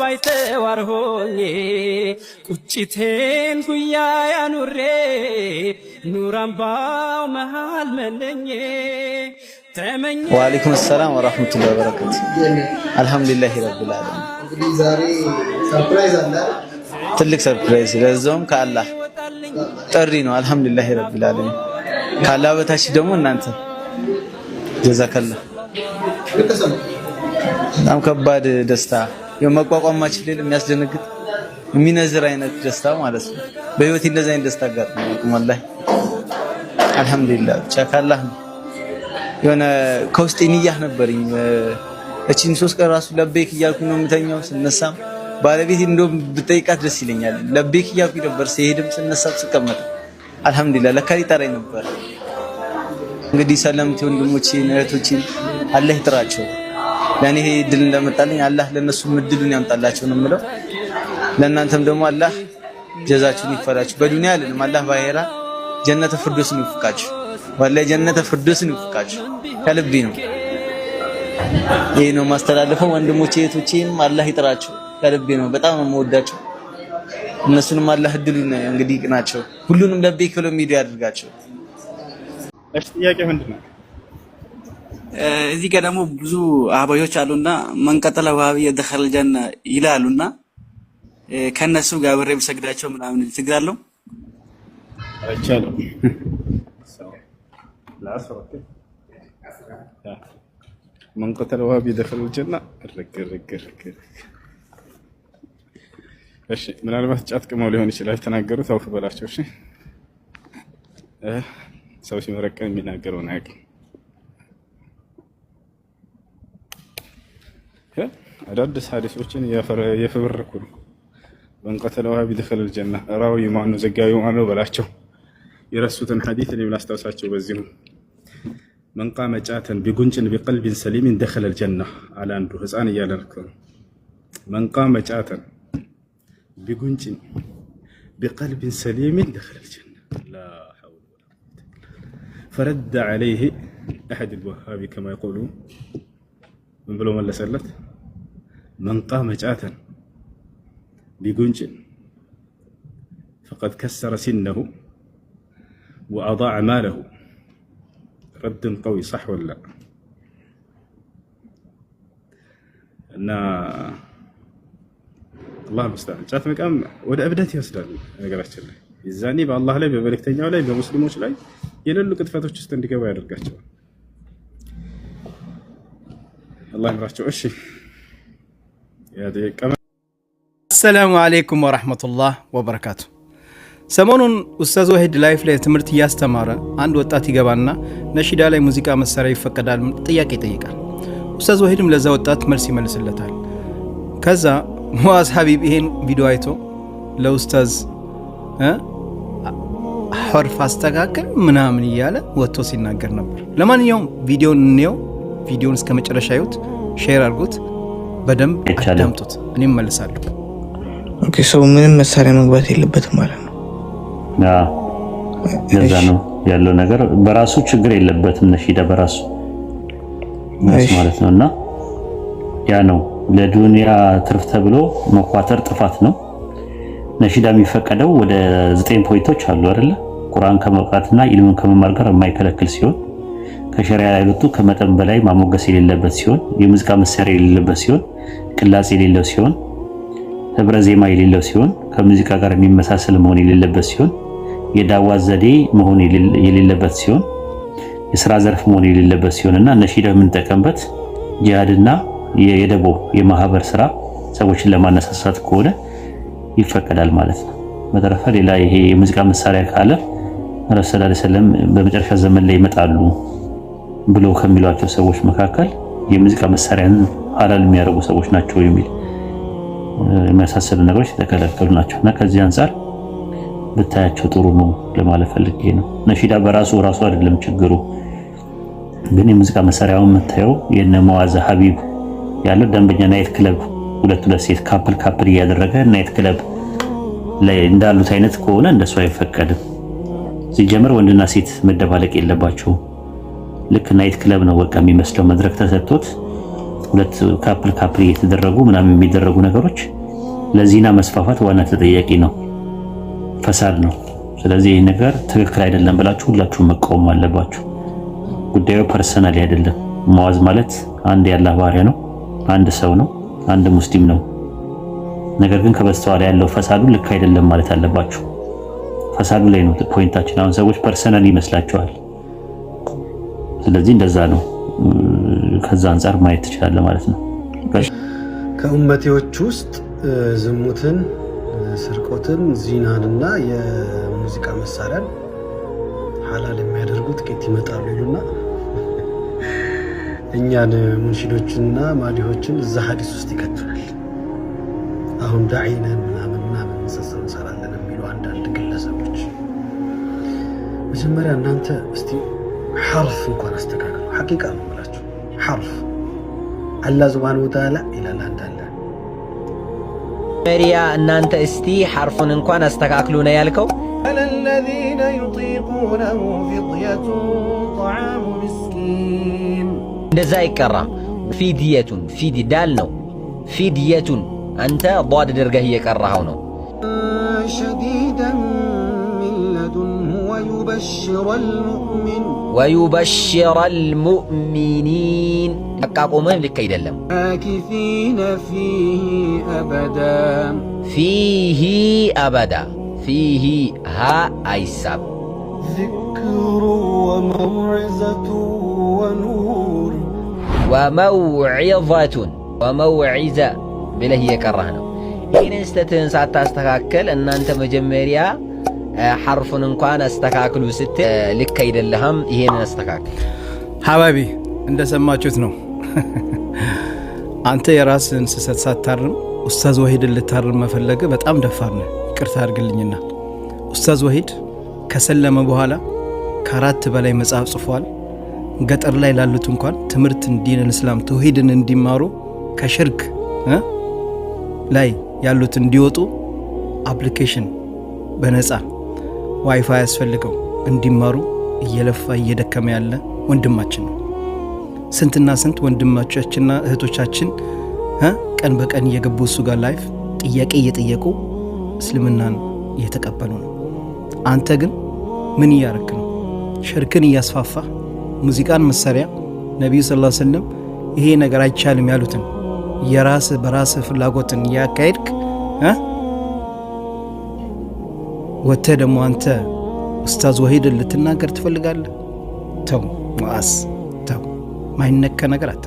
ባይተዋር ሆኜ ቁጭቴን ጉያ ያኑሬ ኑራምባው መሃል መለኜ ወአለይኩም ሰላም ወራህመቱላሂ ወበረካቱ። አልሐምዱሊላህ ረብል ዓለሚን። እንግዲህ ዛሬ ሰርፕራይዝ አለ፣ ትልቅ ሰርፕራይዝ ለዛውም ከአላህ ጥሪ ነው። ዓለሚን። በታች ደግሞ እናንተ ጀዛከላ በጣም ከባድ ደስታ የመቋቋም ማችል የሚያስደነግጥ የሚነዝር አይነት ደስታ ማለት ነው። በህይወት እንደዚህ አይነት ደስታ ጋር ወላሂ አልሐምዱሊላህ ብቻ ካላህ ነው። የሆነ ከውስጤ ንያህ ነበርኝ እቺን ሶስት ቀን ራሱ ለቤክ እያልኩ ነው የምተኛው። ስነሳም ባለቤት እንደውም ብጠይቃት ደስ ይለኛል። ለቤክ እያልኩ ነበር ስሄድም ስነሳም ስቀመጥ። አልሐምዱሊላህ ለካ ሊጠራኝ ነበር። እንግዲህ ሰለምቴ ወንድሞቼን እህቶቼን አላህ ይጥራቸው። ለእኔ ይሄ እድል እንደመጣልኝ አላህ ለእነሱም እድሉን ያምጣላቸው ነው የምለው። ለእናንተም ደግሞ አላህ ጀዛችሁን ይክፈላችሁ። በዱንያ አይደለም አላህ ባሄራ ጀነተ ፍርዶስን ይፍቃችሁ። ወላሂ ጀነተ ፍርዶስን ይፍቃችሁ። ከልቤ ነው ይሄ ነው ማስተላለፈው። ወንድሞቼ እህቶቼም አላህ ይጥራቸው። ከልቤ ነው። በጣም ነው የምወዳቸው። እነሱንም አላህ እድሉን እንግዲህ ይቅናቸው። ሁሉንም ለበይክ ኢኮኖሚ የሚሄዱ ያድርጋቸው። እሺ፣ ጥያቄ ምንድን ነው? እዚህ ጋር ደግሞ ብዙ አባዮች አሉና መንቀጠለ ወሃብያ የደኸል ጀነ ይላሉና ከነሱ ጋር አብሬ ብሰግዳቸው ምናምን ችግር አለው? መንቀጠለ ወሃብያ የደኸል ጀነ እሺ ምናልባት ጫት ቅመው ሊሆን ይችላል የተናገሩት አውፍ በላቸው። እሺ ሰው ሲመረቀን የሚናገረውን አያውቅም። አዳዲስ ሀዲሶችን እየፈበረኩ ነው። በንቀተለዋ ቢድክል ልጀና ራዊ ማኑ ዘጋቢ ማነው በላቸው። የረሱትን ሀዲት እኔም ላስታውሳቸው። በዚሁ መንቃ መጫተን ቢጉንጭን ቢቀልቢን ሰሊሚን ደኸለ ልጀና አለ አንዱ ህፃን እያለ ነው። መንቃ መጫተን ቢጉንጭን ቢቀልቢን ሰሊሚን ደኸለ ልጀና فرد عليه أحد الوهابي كما يقولون من بلوم الله سلت من قام جاتا بقنج فقد كسر سنه وأضاع ماله رد قوي صح ولا لا أن الله المستعان جات مكان ود أبدت يسدل أنا قرأت الله يزاني بالله لا بملك تيني ولا بمسلمين لا የሌሉ ቅጥፈቶች ውስጥ እንዲገቡ ያደርጋቸዋል። አላህ ይምራቸው። እሺ፣ አሰላሙ አሌይኩም ወረህመቱላህ ወበረካቱ። ሰሞኑን ኡስታዝ ወሂድ ላይፍ ላይ ትምህርት እያስተማረ አንድ ወጣት ይገባና ነሺዳ ላይ ሙዚቃ መሳሪያ ይፈቀዳል ጥያቄ ይጠይቃል። ኡስታዝ ወሂድም ለዛ ወጣት መልስ ይመልስለታል። ከዛ ሙአዝ ሀቢብ ይሄን ቪዲዮ አይቶ ለኡስታዝ ሐርፍ አስተካከል ምናምን እያለ ወጥቶ ሲናገር ነበር። ለማንኛውም ቪዲዮን እንየው። ቪዲዮን እስከ መጨረሻ ይዩት፣ ሼር አድርጉት፣ በደንብ አዳምጡት። እኔም መልሳለሁ። ሰው ምንም መሳሪያ መግባት የለበትም ማለት ነው። ለዛ ነው ያለው ነገር በራሱ ችግር የለበትም። ነሺዳ በራሱ ማለት ነው እና ያ ነው ለዱንያ ትርፍ ተብሎ መኳተር ጥፋት ነው። ነሺዳ የሚፈቀደው ወደ ዘጠኝ ፖይንቶች አሉ አይደለ? ቁርአን ከመውቃትና ኢልምን ከመማር ጋር የማይከለክል ሲሆን ከሸሪያ ላይ ወጡ ከመጠን በላይ ማሞገስ የሌለበት ሲሆን የሙዚቃ መሳሪያ የሌለበት ሲሆን ቅላጽ የሌለው ሲሆን ህብረ ዜማ የሌለው ሲሆን ከሙዚቃ ጋር የሚመሳሰል መሆን የሌለበት ሲሆን የዳዋ ዘዴ መሆን የሌለበት ሲሆን የስራ ዘርፍ መሆን የሌለበት ሲሆን እና ነሺዳ የምንጠቀምበት ጂሃድና የደቦ የማህበር ስራ ሰዎችን ለማነሳሳት ከሆነ ይፈቀዳል ማለት ነው። በተረፈ ሌላ ይሄ የሙዚቃ መሳሪያ ካለ ረሱል ሰለላሁ በመጨረሻ ዘመን ላይ ይመጣሉ ብሎ ከሚሏቸው ሰዎች መካከል የሙዚቃ መሳሪያን ሀላል የሚያደርጉ ሰዎች ናቸው የሚል የሚያሳስሉ ነገሮች የተከለከሉ ናቸው እና ከዚህ አንጻር ብታያቸው ጥሩ ነው ለማለት ፈልጌ ነው። ነሺዳ በራሱ ራሱ አይደለም ችግሩ፣ ግን የሙዚቃ መሳሪያውን የምታየው የነ መዋዘ ሀቢብ ያለው ደንበኛ ናይት ክለብ ሁለት ሁለት ሴት ካፕል ካፕል እያደረገ ናይት ክለብ ላይ እንዳሉት አይነት ከሆነ እንደሱ አይፈቀድም። ሲጀምር ወንድና ሴት መደባለቅ የለባቸው ልክ ናይት ክለብ ነው በቃ የሚመስለው መድረክ ተሰጥቶት ሁለት ካፕል ካፕል እየተደረጉ ምናምን የሚደረጉ ነገሮች ለዚህና መስፋፋት ዋና ተጠያቂ ነው ፈሳድ ነው። ስለዚህ ይህ ነገር ትክክል አይደለም ብላችሁ ሁላችሁ መቃወም አለባችሁ። ጉዳዩ ፐርሰናል አይደለም። መዋዝ ማለት አንድ ያላህ ባህሪያ ነው። አንድ ሰው ነው። አንድ ሙስሊም ነው። ነገር ግን ከበስተኋላ ያለው ፈሳዱ ልክ አይደለም ማለት አለባችሁ። ፈሳዱ ላይ ነው ፖይንታችን። አሁን ሰዎች ፐርሰናል ይመስላችኋል። ስለዚህ እንደዛ ነው። ከዛ አንጻር ማየት ትችላለህ ማለት ነው። ከኡመቴዎች ውስጥ ዝሙትን፣ ስርቆትን፣ ዚናንና የሙዚቃ መሳሪያን ሀላል የሚያደርጉ ጥቂት ይመጣሉ ይሉና እኛን ሙንሺዶችንና ማዲሆችን እዛ ሀዲስ ውስጥ ይከትላል። አሁን ዳዒነን ምናምን ምናምን መሰሰብ እንሰራለን የሚሉ አንዳንድ ግለሰቦች መጀመሪያ እናንተ እስቲ ሐርፍ እንኳን አስተካክሉ። ሐቂቃ ነው ብላችሁ ሐርፍ አላህ ሱብሓነሁ ወተዓላ ይላል አንዳንድ መሪያ እናንተ እስቲ ሐርፉን እንኳን አስተካክሉ ነው ያልከው። ለለዚነ ዩጢቁነሁ ፊድየቱን ጣዓሙ ምስኪን نزاي كرا في دية في دي دالنو في دية أنت ضاد درجة هي كرهونو شديدا من ويبشر المؤمن ويبشر المؤمنين لك كيد اللم آكثين فيه أبدا فيه أبدا فيه ها أيساب ذكر وموعزة ونور ወመውዒዘቱን ወመውዒዘ ብለህ እየቀራህ ነው። ይህንን ስተትህን ሳታስተካከል እናንተ መጀመሪያ ሐርፉን እንኳን አስተካክሉ ስትል ልክ አይደለህም። ይሄንን አስተካክል ሀባቢ። እንደሰማችሁት ነው። አንተ የራስን ስህተት ሳታርም ኡስታዝ ወሂድን ልታርም መፈለገ በጣም ደፋር ነህ። ይቅርታ አድርግልኝና ኡስታዝ ወሂድ ከሰለመ በኋላ ከአራት በላይ መጽሐፍ ጽፏል። ገጠር ላይ ላሉት እንኳን ትምህርት ዲነል እስላም ተውሂድን እንዲማሩ ከሽርክ ላይ ያሉት እንዲወጡ አፕሊኬሽን በነፃ ዋይፋይ ያስፈልገው እንዲማሩ እየለፋ እየደከመ ያለ ወንድማችን ነው። ስንትና ስንት ወንድማቻችንና እህቶቻችን ቀን በቀን እየገቡ እሱ ጋር ላይፍ ጥያቄ እየጠየቁ እስልምናን እየተቀበሉ ነው። አንተ ግን ምን እያረክ ነው? ሽርክን እያስፋፋ ሙዚቃን መሳሪያ ነቢዩ ስላ ስለም ይሄ ነገር አይቻልም ያሉትን የራስ በራስ ፍላጎትን እያካሄድክ ወተ ደግሞ አንተ ኡስታዝ ወሂድን ልትናገር ትፈልጋለህ? ተው ሙአዝ ተው፣ ማይነከ ነገር አት